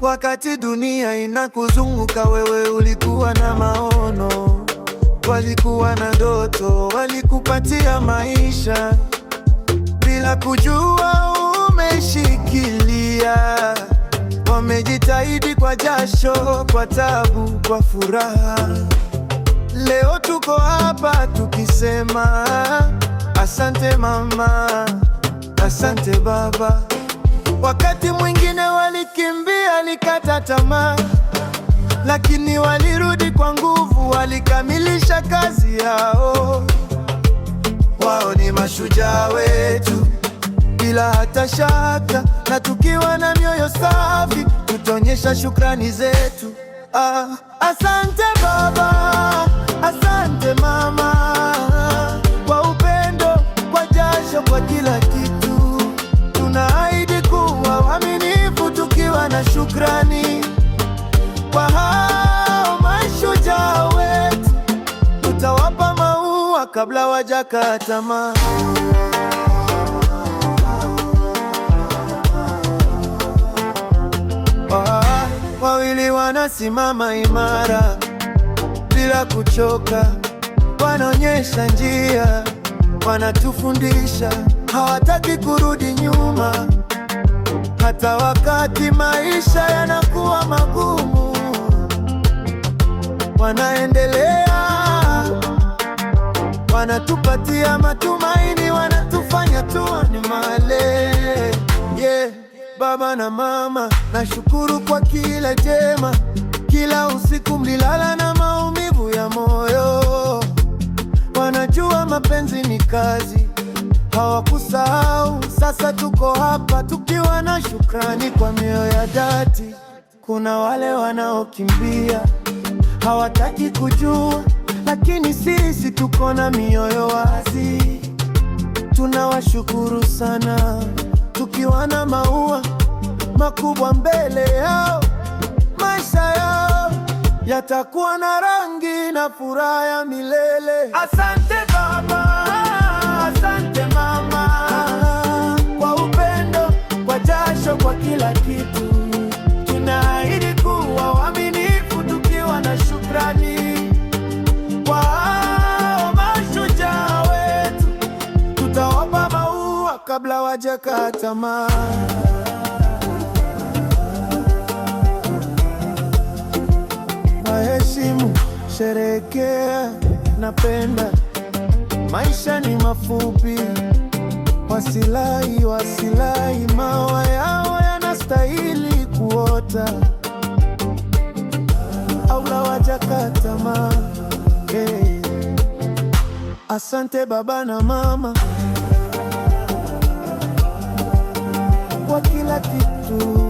Wakati dunia inakuzunguka wewe, ulikuwa na maono, walikuwa na ndoto, walikupatia maisha bila kujua umeshika kilia, wamejitahidi kwa jasho, kwa tabu, kwa furaha. Leo tuko hapa tukisema asante mama, asante baba. Wakati mwingine walikimbia, likata tamaa, lakini walirudi kwa nguvu, walikamilisha kazi yao. Wao ni mashujaa wetu bila hata shaka, na tukiwa na mioyo safi tutaonyesha shukrani zetu. Ah, asante Baba, asante Mama, kwa upendo, kwa jasho, kwa kila kitu. Tunaahidi kuwa waaminifu tukiwa na shukrani kwa hao mashujaa wetu, tutawapa maua kabla wajakata tamaa. wanasimama imara bila kuchoka, wanaonyesha njia, wanatufundisha, hawataki kurudi nyuma, hata wakati maisha yanakuwa magumu, wanaendelea, wanatupatia matumaini, wanatufanya tuone male. Yeah, baba na mama, nashukuru kwa kila je mapema. Kila usiku mlilala na maumivu ya moyo. Wanajua mapenzi ni kazi, hawakusahau. Sasa tuko hapa tukiwa na shukrani kwa mioyo ya dhati. Kuna wale wanaokimbia, hawataki kujua, lakini sisi tuko na mioyo wazi. Tunawashukuru sana, tukiwa na maua makubwa mbele yao yatakuwa na rangi na furaha ya milele. Asante Baba, asante Mama, kwa upendo, kwa jasho, kwa kila kitu. Tunaahidi kuwa waaminifu tukiwa na shukrani kwa hao mashujaa wetu, tutawapa maua kabla wajakata tamaa. sherekea napenda maisha ni mafupi, wasilahi wasilahi, maua yao yanastahili kuota, aula wajakata tamaa. Hey. Asante baba na mama kwa kila kitu.